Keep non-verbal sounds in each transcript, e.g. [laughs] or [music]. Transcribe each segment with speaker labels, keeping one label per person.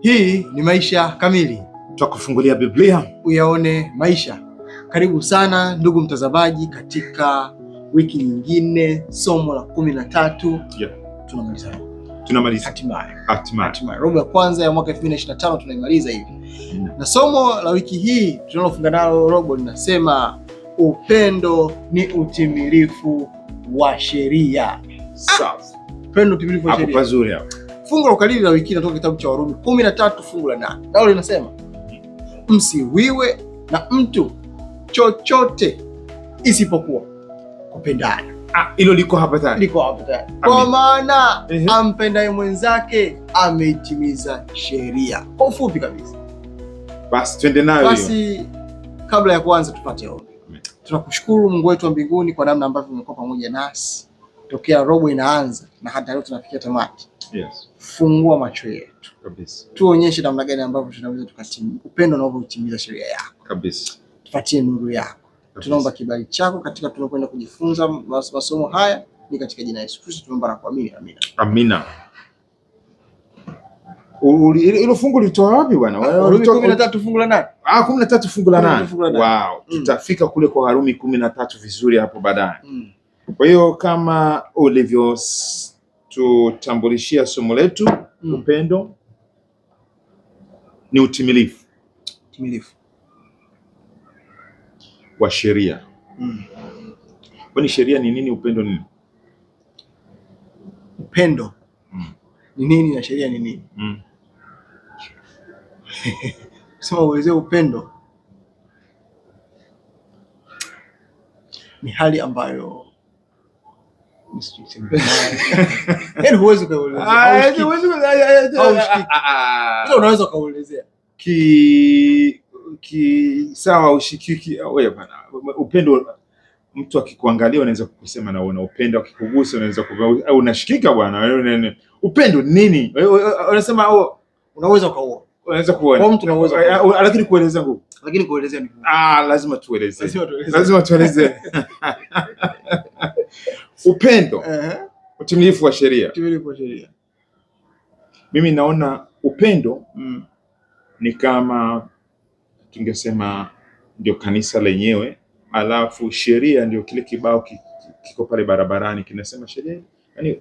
Speaker 1: Hii ni Maisha Kamili,
Speaker 2: twakufungulia Biblia
Speaker 1: uyaone maisha. Karibu sana ndugu mtazamaji, katika wiki nyingine, somo la kumi na tatu tunamaliza tunamaliza hatimaye hatimaye hatimaye robo ya kwanza ya mwaka 2025 tunaimaliza hivi mm. na somo la wiki hii tunalofunga nalo robo linasema upendo ni utimilifu wa sheria. Sawa, upendo utimilifu wa sheria.
Speaker 2: Hapo pazuri hapo.
Speaker 1: Fungu la ukalili la wiki natoka kitabu cha Warumi 13 fungu la 8, nalo linasema msiwiwe na mtu chochote isipokuwa kupendana.
Speaker 2: Ah, hilo liko hapa tayari,
Speaker 1: liko hapa tayari, kwa maana ampendaye mwenzake ameitimiza sheria. Kwa ufupi kabisa,
Speaker 2: basi twende nayo.
Speaker 1: Basi kabla ya kuanza, tupate ombi. Tunakushukuru Mungu wetu wa mbinguni kwa namna ambavyo umekuwa pamoja nasi tokea robo inaanza na hata leo tunafikia tamati. Yes. Fungua macho yetu kabisa, tuonyeshe namna gani ambavyo tunaweza tukatimiza upendo unavyotimiza sheria yako kabisa, tupatie nuru yako, kabisa. tunaomba kibali chako katika tunapoenda kujifunza masomo haya, ni katika jina la Yesu Kristo tunaomba na kuamini, amina,
Speaker 2: amina. Hilo fungu lilitoa wapi bwana?
Speaker 1: Ah, kumi tatu fungu la nane.
Speaker 2: Ah, kumi na tatu fungu la nane. Wow, mm. tutafika kule kwa Warumi kumi na tatu vizuri hapo baadaye. Mm. Kwa hiyo kama ulivyotutambulishia somo letu mm. Upendo ni utimilifu, utimilifu wa sheria mm. Kwani sheria ni nini? Upendo nini?
Speaker 1: Upendo mm. ni nini na sheria ni nini? mm. [laughs] Sema uelezee upendo ni hali ambayo unaweza
Speaker 2: ushikiki ah, bana, upendo. Mtu akikuangalia unaweza kusema na una upendo, akikugusa unaweza unashikika bwana. Upendo nini?
Speaker 1: Unasema oh, unaweza ukaua, unaweza kuona, eh, ah, lakini lakini kuelezea ni
Speaker 2: ah, lazima tueleze, lazima tueleze [laughs] upendo, utimilifu wa sheria. Mimi naona upendo mm. ni kama tungesema ndio kanisa lenyewe, alafu sheria ndio kile kibao kiko pale barabarani kinasema sheria, yani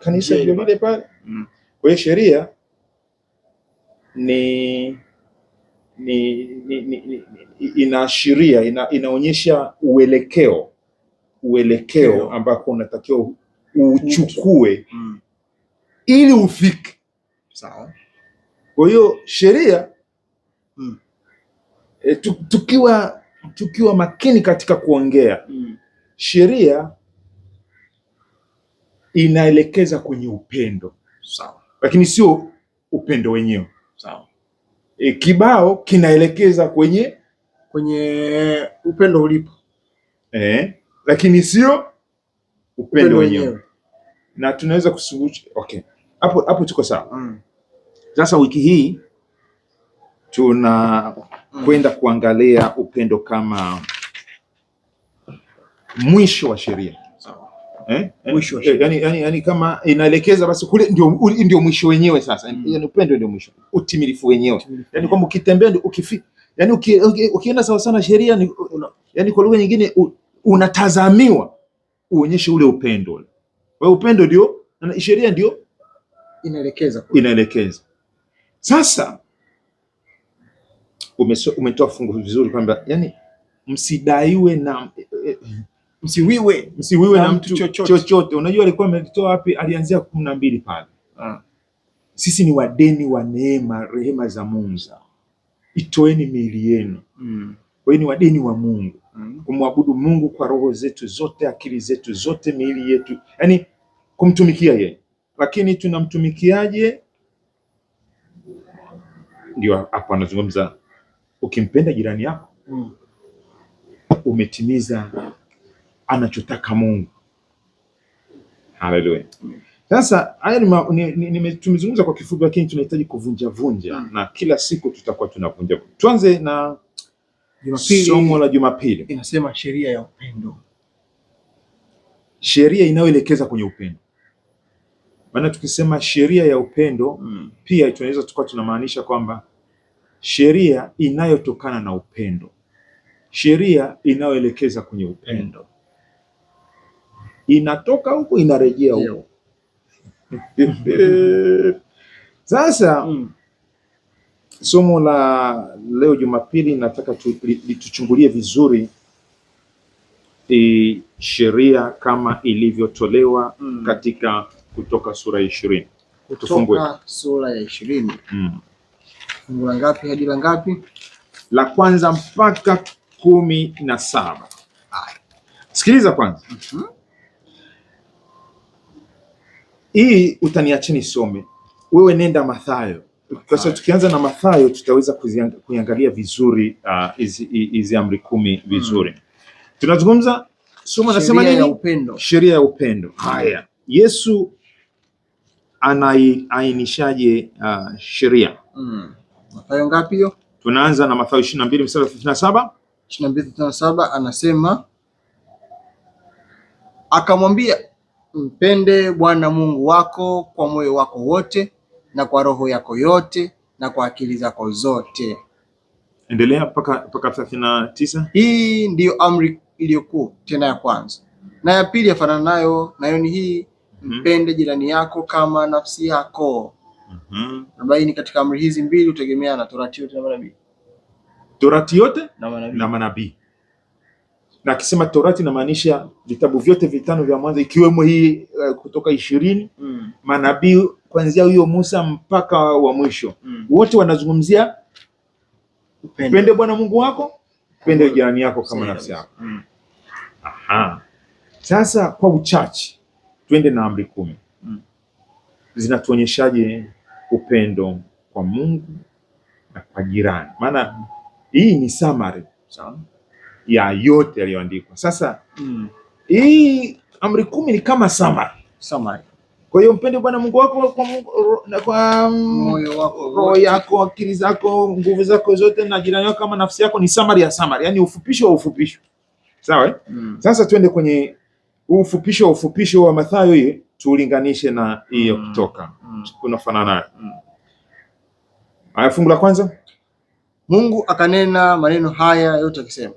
Speaker 1: kanisa ndio lile pale. Mm.
Speaker 2: Kwa hiyo sheria ni ni, ni, ni, ni inaashiria ina, inaonyesha uelekeo uelekeo ambako unatakiwa uchukue mm. mm. ili ufike sawa. Kwa hiyo sheria mm. e, tukiwa tukiwa makini katika kuongea mm. sheria inaelekeza kwenye upendo sawa, lakini sio upendo wenyewe sawa. E, kibao kinaelekeza kwenye
Speaker 1: kwenye upendo ulipo
Speaker 2: eh lakini sio upendo wenyewe, na tunaweza kusubutu. Okay, hapo hapo tuko sawa. Mm. Sasa mm. wiki hii tuna mm. kwenda kuangalia upendo kama mwisho wa sheria eh? eh? Mwisho yani, eh, yani, yani, yani kama inaelekeza basi kule ndio, ndio mwisho wenyewe sasa mm. yani upendo ndio mwisho, utimilifu wenyewe yani kwamba ukitembea ukifika yani ukienda sawa sana sheria yani, kwa lugha nyingine u, unatazamiwa uonyeshe ule upendo. Kwa upendo ndio sheria ndio inaelekeza inaelekeza. Sasa umetoa fungu vizuri kwamba yani, msidaiwe na eh, eh, msiwiwe msiwiwe na mtu chochote chochote. Unajua alikuwa ametoa wapi? Alianzia kumi na mbili pale ah. Sisi ni wadeni wa neema, rehema za Mungu. Itoeni miili yenu mm. Kwa hiyo ni wadeni wa Mungu Mm. kumwabudu Mungu kwa roho zetu zote, akili zetu zote, miili yetu, yaani kumtumikia yeye. Lakini tunamtumikiaje? Ndio hapo anazungumza, ukimpenda jirani yako mm. umetimiza anachotaka Mungu. Haleluya! Sasa haya tumezungumza kwa kifupi, lakini tunahitaji kuvunja vunja mm. na kila siku tutakuwa tunavunja. Tuanze na Jumapili, somo la Jumapili
Speaker 1: inasema sheria ya upendo,
Speaker 2: sheria inayoelekeza kwenye upendo. Maana tukisema sheria ya upendo mm. pia tunaweza tukawa tunamaanisha kwamba sheria inayotokana na upendo, sheria inayoelekeza kwenye upendo, inatoka huko inarejea huko. [laughs] [laughs] Sasa mm. Somo la leo Jumapili nataka tu, tuchungulie vizuri e, sheria kama ilivyotolewa mm. katika Kutoka sura ya ishirini.
Speaker 1: Tufungue sura ya ishirini mm. fungu la ngapi hadi la ngapi?
Speaker 2: La kwanza mpaka kumi na saba. Sikiliza kwanza mm -hmm. Hii utaniacheni some, wewe nenda Mathayo sasa tukianza na Mathayo tutaweza kuiangalia vizuri uh, hizi uh, amri kumi mm. vizuri mm. Tunazungumza somo nasema
Speaker 1: nini?
Speaker 2: sheria ya upendo. Haya, mm. Yesu anaiainishaje uh, sheria mm.
Speaker 1: Mathayo ngapi hiyo?
Speaker 2: Tunaanza na Mathayo 22 mstari wa
Speaker 1: na 22:37 anasema akamwambia, mpende Bwana Mungu wako kwa moyo wako wote na kwa roho yako yote na kwa akili zako zote.
Speaker 2: Endelea paka, paka thelathini na tisa.
Speaker 1: Hii ndiyo amri iliyokuu tena ya kwanza, na ya pili yafanana nayo, nayo ni hii mhm. mpende jirani yako kama nafsi yako. Mm -hmm. Abaini katika amri hizi mbili na torati yote na manabii.
Speaker 2: Torati yote na manabii. Na akisema torati inamaanisha vitabu vyote vitano vya mwanzo ikiwemo hii uh, Kutoka ishirini. Mm. Manabii kuanzia huyo Musa mpaka wa mwisho mm. wote wanazungumzia upende Bwana Mungu wako, upende mm. jirani yako kama nafsi yako mm. Aha. Sasa kwa uchache twende na amri kumi mm. zinatuonyeshaje upendo kwa Mungu na kwa jirani, maana hii ni summary ya yote yaliyoandikwa. Sasa mm. hii amri kumi ni kama summary. Summary. Kwa hiyo mpende Bwana Mungu wako kwa, kwa mm, moyo wako, roho yako, akili zako, nguvu zako zote, na jirani yako kama nafsi yako. Ni samari ya samari, yani ufupisho wa ufupisho. Sawa eh? Mm. Sasa twende kwenye ufupisho wa ufupisho wa Mathayo hii tuulinganishe na hiyo mm. kutoka mm. kunafanana nayo mm. Aya, fungu la kwanza,
Speaker 1: Mungu akanena maneno haya yote akisema,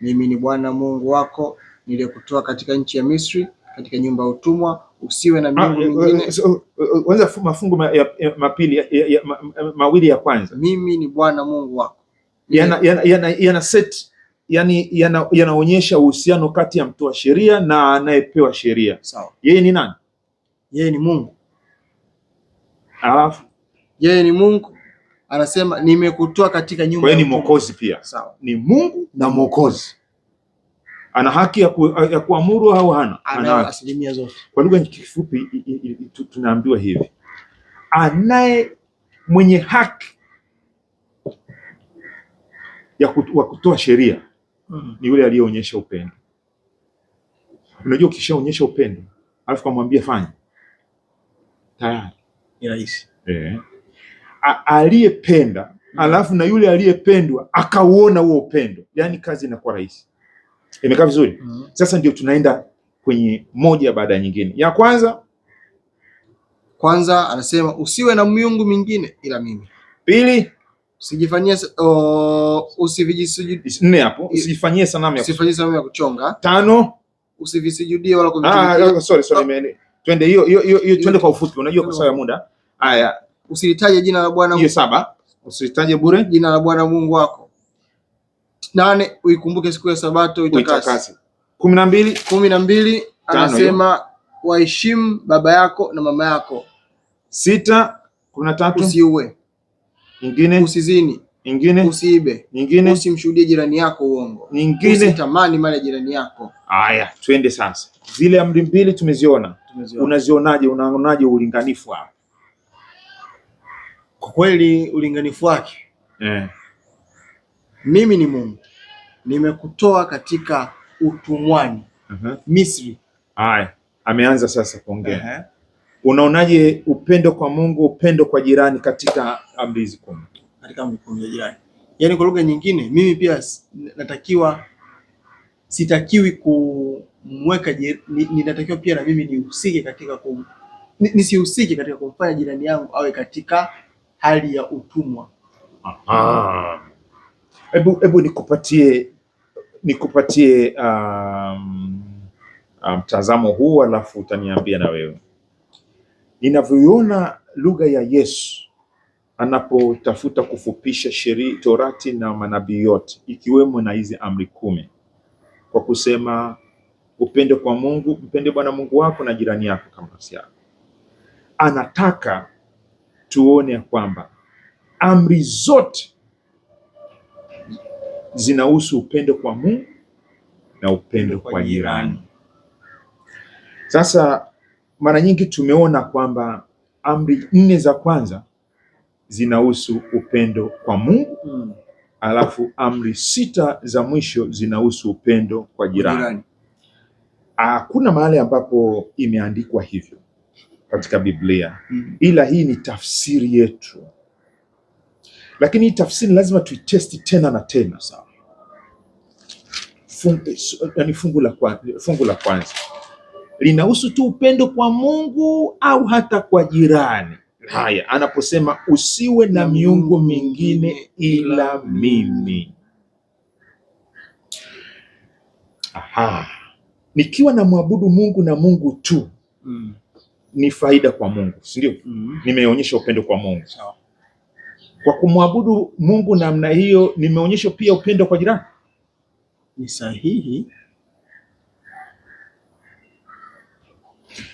Speaker 1: mimi ni Bwana Mungu wako niliyekutoa katika nchi ya Misri katika nyumba ya utumwa, usiwe na miungu mingine.
Speaker 2: Mafungu mapili mawili ya kwanza,
Speaker 1: mimi ni Bwana Mungu wako,
Speaker 2: yana set yani yanaonyesha uhusiano kati ya mtoa sheria na anayepewa sheria. Sawa, yeye ni nani?
Speaker 1: Yeye ni Mungu. Alafu yeye ni Mungu anasema nimekutoa katika nyumba.
Speaker 2: Kwa hiyo ni mwokozi pia. Sawa, ni Mungu na mwokozi ana haki ya, ku, ya kuamuru au hana?
Speaker 1: Ana asilimia zote.
Speaker 2: Kwa lugha kifupi tunaambiwa hivi, anaye mwenye haki ya kutu, kutoa sheria mm. ni yule aliyeonyesha upendo. Unajua, ukishaonyesha upendo alafu kamwambia fanya,
Speaker 1: tayari ni rahisi
Speaker 2: eh. Aliyependa hmm. alafu na yule aliyependwa akauona huo upendo, yani kazi inakuwa rahisi. Imekaa vizuri mm -hmm. Sasa ndio tunaenda kwenye moja baada ya nyingine. Ya kwanza
Speaker 1: kwanza anasema usiwe na miungu mingine ila mimi. Pili usijifanyie uh, usivijisujudi.
Speaker 2: Nne hapo usijifanyie sanamu
Speaker 1: ya usifanyie sanamu ya kuchonga. Tano usivisujudie wala
Speaker 2: ah, kumtumikia. Ah, ah, sorry sorry, oh. twende hiyo hiyo hiyo, twende kwa ufupi, unajua kwa sababu ya muda.
Speaker 1: Haya, usilitaje jina la Bwana.
Speaker 2: Hiyo saba usilitaje bure
Speaker 1: jina la Bwana Mungu wako nane uikumbuke siku ya sabato uitakase.
Speaker 2: kumi na mbili
Speaker 1: kumi na mbili anasema waheshimu baba yako na mama yako.
Speaker 2: sita kumi na tatu usiue, nyingine
Speaker 1: usizini, nyingine usiibe, nyingine usimshuhudie jirani yako uongo, nyingine usitamani mali ya jirani yako.
Speaker 2: Haya, twende sasa, zile amri mbili tumeziona, tumeziona. Unazionaje? Unaonaje ulinganifu hapa?
Speaker 1: Kwa kweli ulinganifu wake eh mimi ni Mungu, nimekutoa katika utumwani uh mhm. -huh. Misri.
Speaker 2: Haya, ameanza sasa kuongea uh -huh. Unaonaje upendo kwa Mungu, upendo kwa jirani katika amri hizi kumi,
Speaker 1: katika amri kumi ya jirani? Yaani kwa lugha nyingine, mimi pia natakiwa sitakiwi kumweka, ninatakiwa pia na mimi nihusike katika kum, nisihusike katika kumfanya jirani yangu awe katika hali ya utumwa.
Speaker 2: Aha. Hebu hebu nikupatie nikupatie mtazamo um, um, huu alafu utaniambia na wewe ninavyoiona lugha ya Yesu anapotafuta kufupisha sheria Torati na manabii yote ikiwemo na hizi amri kumi kwa kusema upende kwa Mungu, mpende Bwana Mungu wako na jirani yako kama nafsi yako. Anataka tuone kwamba amri zote zinahusu upendo kwa Mungu na upendo kwa jirani. Sasa mara nyingi tumeona kwamba amri nne za kwanza zinahusu upendo kwa Mungu mm. Alafu amri sita za mwisho zinahusu upendo kwa jirani. Hakuna mahali ambapo imeandikwa hivyo katika Biblia mm. Ila hii ni tafsiri yetu lakini hii tafsiri lazima tuitesti tena na tena sawa. Fungu, eh, eh, yani fungu la kwanza, fungu la kwanza linahusu tu upendo kwa Mungu au hata kwa jirani. Haya, anaposema usiwe na miungu mingine ila mimi. Aha, nikiwa na mwabudu Mungu na Mungu tu mm. ni faida kwa Mungu, si ndio? mm. nimeonyesha upendo kwa Mungu sawa. Kwa kumwabudu Mungu namna hiyo, nimeonyesha pia upendo kwa jirani.
Speaker 1: Ni sahihi.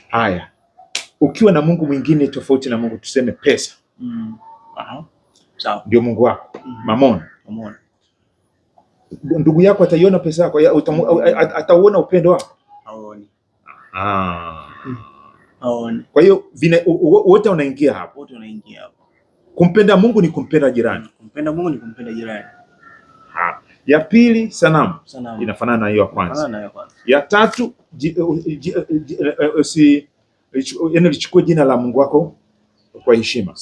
Speaker 2: Haya, ukiwa na Mungu mwingine tofauti na Mungu, tuseme pesa mm. Sawa. Ndio Mungu wako mm. Mamona. Mamona. Ndugu yako ataiona pesa yako, atauona upendo wako? Haoni. Ah. Kwa hiyo wote wanaingia hapo.
Speaker 1: Wote wanaingia hapo.
Speaker 2: Kumpenda Mungu ni kumpenda jirani.
Speaker 1: Kumpenda Mungu ni kumpenda jirani.
Speaker 2: Ha. Ya pili sanamu, sanamu. Inafanana na hiyo ya kwanza. Ya tatu si yaani lichukue jina la Mungu wako kwa heshima.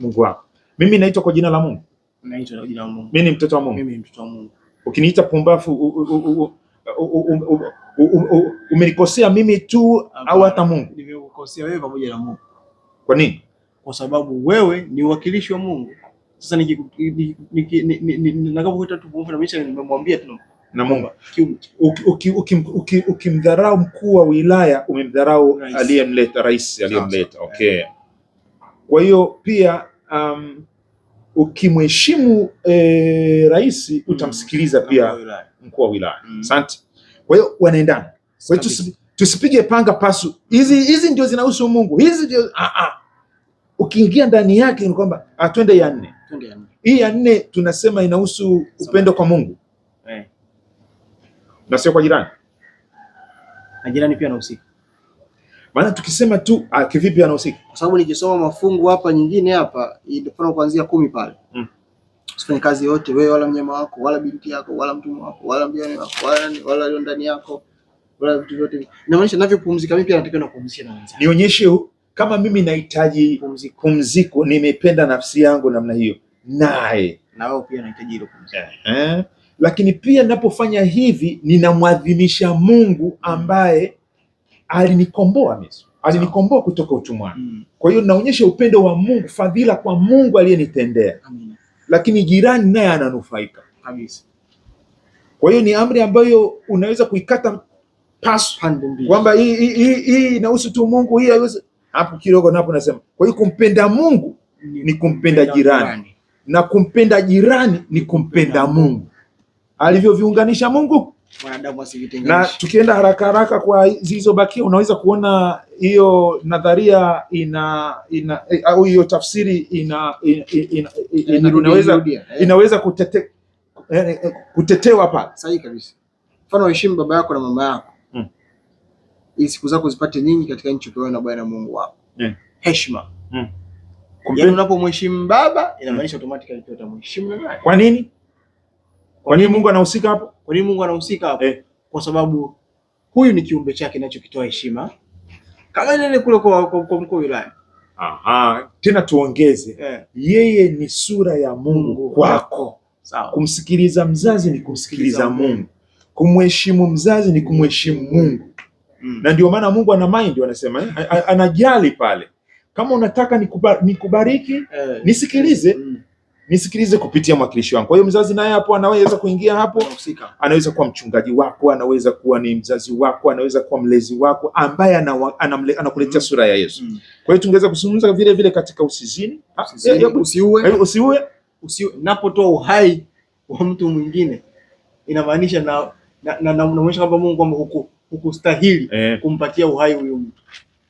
Speaker 2: Mungu wako. Mimi naitwa kwa jina la Mungu.
Speaker 1: Mungu. Naitwa kwa jina la
Speaker 2: Mimi ni mtoto wa Mungu.
Speaker 1: Mimi ni mtoto wa Mungu.
Speaker 2: Ukiniita pumbafu umenikosea mimi tu au hata Mungu?
Speaker 1: Nimekukosea wewe pamoja na Mungu. Kwa nini? kwa sababu wewe ni uwakilishi wa Mungu. Sasa nitakapokuita tu na mimi nimemwambia tu
Speaker 2: na Mungu, ukimdharau mkuu wa wilaya umemdharau aliyemleta rais, aliyemleta okay. Kwa hiyo pia um, ukimheshimu e, rais mm. utamsikiliza pia mkuu wa wilaya mm. asante. Kwa hiyo wanaendana, tusipige panga pasu, hizi hizi ndio zinahusu Mungu, hizi ndio ah ah ukiingia ndani yake ni kwamba atwende ah, ya nne. Hii ya nne tunasema inahusu upendo kwa Mungu eh. na sio kwa jirani,
Speaker 1: na jirani pia anahusika.
Speaker 2: Maana tukisema tu ah, kivipi anahusika,
Speaker 1: kwa sababu nikisoma mafungu hapa nyingine hapa ilikuwa kuanzia kumi pale mm. Usifanye kazi yote wewe wala mnyama wako wala binti yako wala mtumwa wako wala mjane wako wala wala ndani yako wala vitu vyote, inamaanisha navyopumzika mimi pia natakiwa na kupumzika na
Speaker 2: wenzangu, nionyeshe kama mimi nahitaji pumziko, nimependa nafsi yangu namna hiyo, naye
Speaker 1: na wewe pia unahitaji hilo pumziko
Speaker 2: eh, eh. Lakini pia ninapofanya hivi ninamwadhimisha Mungu ambaye alinikomboa mimi, alinikomboa kutoka utumwani mm. Kwa hiyo naonyesha upendo wa Mungu, fadhila kwa Mungu aliyenitendea, lakini jirani naye ananufaika kabisa. Kwa hiyo ni amri ambayo unaweza kuikata pasu kwamba hii inahusu tu Mungu, hii haiwezi hapo kidogo napo nasema. Kwa hiyo kumpenda Mungu ni kumpenda jirani, na kumpenda jirani ni kumpenda Mungu alivyoviunganisha Mungu na tukienda haraka haraka kwa zilizobakia, unaweza kuona hiyo nadharia ina ina au hiyo tafsiri ina, ina, ina, ina, ina, inaweza, eh. inaweza kutete, eh, eh, kutetewa pale.
Speaker 1: Sahihi kabisa. Mfano, heshimu baba yako na mama yako ili siku zako zipate nyingi katika nchi upewayo na Bwana Mungu wako. Yeah. Heshima. Mm. Yaani unapomheshimu baba mm. inamaanisha mm. automatically pia utamheshimu
Speaker 2: na naye. Kwa nini? Kwa nini Mungu anahusika hapo?
Speaker 1: Kwa nini Mungu anahusika hapo? Eh. Kwa sababu huyu ni kiumbe chake kinachokitoa heshima kama ile kule kwa kwa, mkuu wa wilaya.
Speaker 2: Aha, tena tuongeze eh. Yeye ni sura ya Mungu, Mungu kwako. Sawa. Kumsikiliza mzazi ni kumsikiliza Mungu, kumheshimu mzazi ni kumheshimu Mungu. Mm na ndio maana Mungu ana mind wanasema eh? anajali pale, kama unataka nikubariki nisikilize nisikilize kupitia mwakilishi wangu. Kwa hiyo mzazi naye hapo anaweza kuingia hapo, anaweza kuwa mchungaji wako, anaweza kuwa ni mzazi wako, anaweza kuwa mlezi wako ambaye anakuletea sura ya Yesu kwa hiyo tungeweza kuzungumza vile vile katika usizini, usiue, usiue napotoa uhai wa mtu mwingine inamaanisha na na na, na, na, na, Mungu kwamba huku hukustahili eh,
Speaker 1: kumpatia uhai huyu mtu.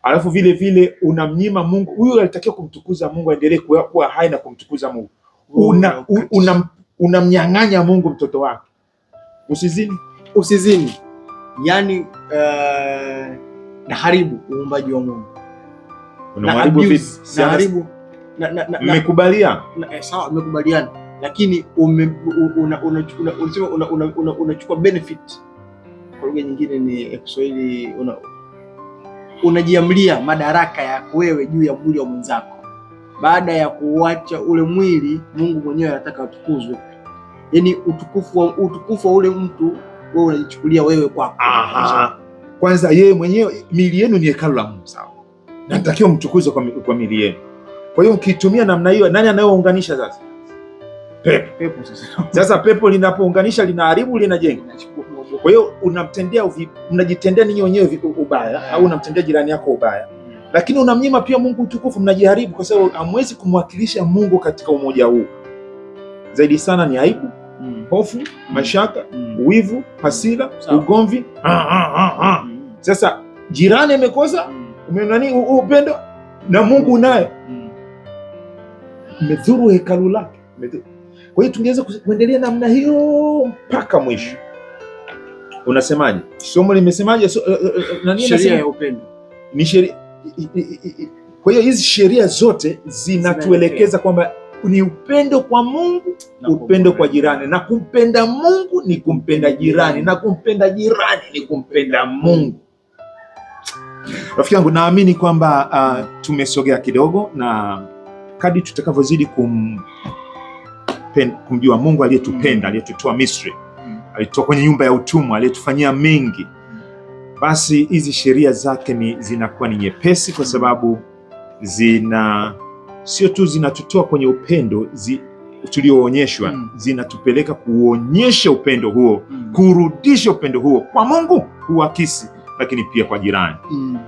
Speaker 2: Alafu vile vile unamnyima Mungu, huyu alitakiwa kumtukuza Mungu, aendelee kuwa hai na kumtukuza Mungu. Una, una, unamnyang'anya Mungu mtoto wake. Usizini, usizini, yani uh, eh, naharibu uumbaji wa Mungu. Unaharibu vipi? Naharibu mmekubalia
Speaker 1: eh, sawa, mmekubaliana, lakini unachukua benefit kwa lugha nyingine ni Kiswahili, unajiamlia madaraka yako wewe juu ya mwili wa mwenzako, baada ya kuacha ule mwili. Mungu mwenyewe anataka utukuzwe, yaani utukufu wa utukufu wa ule mtu wewe unajichukulia wewe kwako.
Speaker 2: Aha, kwanza yeye mwenyewe, mili yenu ni hekalu la Mungu, sawa, natakiwa mtukuzwe kwa, kwa mili yenu. Kwa hiyo ukitumia namna hiyo, nani anayeunganisha sasa?
Speaker 1: Pepo. Pepo
Speaker 2: sasa. Sasa pepo linapounganisha linaharibu, linajenga kwa hiyo unamtendea, mnajitendea ninyi wenyewe ubaya, au unamtendea jirani yako ubaya, mm. lakini unamnyima pia Mungu utukufu, mnajiharibu kwa sababu hamwezi kumwakilisha Mungu katika umoja huu. Zaidi sana ni aibu mm. hofu mm. mashaka mm. uwivu, mm. hasira, ugomvi. Ah, ah, ah, mm. Sasa jirani amekosa nani upendo na Mungu naye mmedhuru hekalu lake. Kwa hiyo tungeweza kuendelea namna hiyo mpaka mwisho. Unasemaje? Somo limesemaje? So, uh, uh, uh,
Speaker 1: sheria ya upendo
Speaker 2: ni sheria. Kwa hiyo hizi sheria zote zinatuelekeza kwamba ni upendo kwa Mungu na upendo kwa jirani, na kumpenda Mungu ni kumpenda jirani, na kumpenda jirani ni kumpenda Mungu. Rafiki yangu, naamini kwamba uh, tumesogea kidogo, na kadri tutakavyozidi kum, kumjua Mungu aliyetupenda mm. aliyetutoa Misri alitoka kwenye nyumba ya utumwa, aliyetufanyia mengi, basi hizi sheria zake ni zinakuwa ni nyepesi, kwa sababu zina sio tu zinatutoa kwenye upendo zi, tulioonyeshwa mm. zinatupeleka kuonyesha upendo huo mm. kurudisha upendo huo kwa Mungu, kuakisi, lakini pia kwa jirani mm.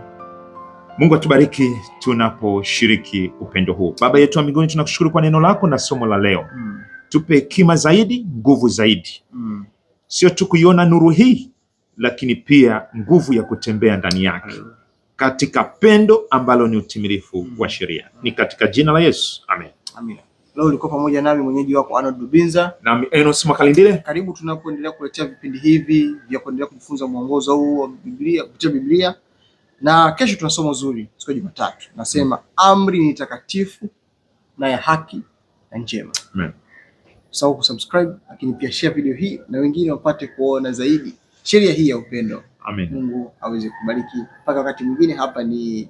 Speaker 2: Mungu atubariki tunaposhiriki upendo huo. Baba yetu wa mbinguni, tunakushukuru kwa neno lako na somo la leo mm. tupe hekima zaidi, nguvu zaidi mm sio tu kuiona nuru hii, lakini pia nguvu ya kutembea ndani yake katika pendo ambalo ni utimilifu wa sheria. Ni katika jina la Yesu, amen,
Speaker 1: amen. Leo ulikuwa pamoja nami mwenyeji wako Arnold Dubinza
Speaker 2: na Enos Makalindile.
Speaker 1: Karibu tunapoendelea kuletea vipindi hivi vya kuendelea kujifunza mwongozo huu wa Biblia kupitia Biblia, na kesho tunasoma uzuri siku ya Jumatatu. Nasema amri ni takatifu na ya haki na njema. Amen usahau kusubscribe, lakini pia share video hii na wengine wapate kuona zaidi sheria hii ya upendo. Amen. Mungu aweze kubariki. Mpaka wakati mwingine, hapa ni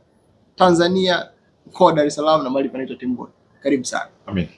Speaker 1: Tanzania, mkoa wa Dar es Salaam na mahali panaitwa tembo Karibu sana.
Speaker 2: Amen.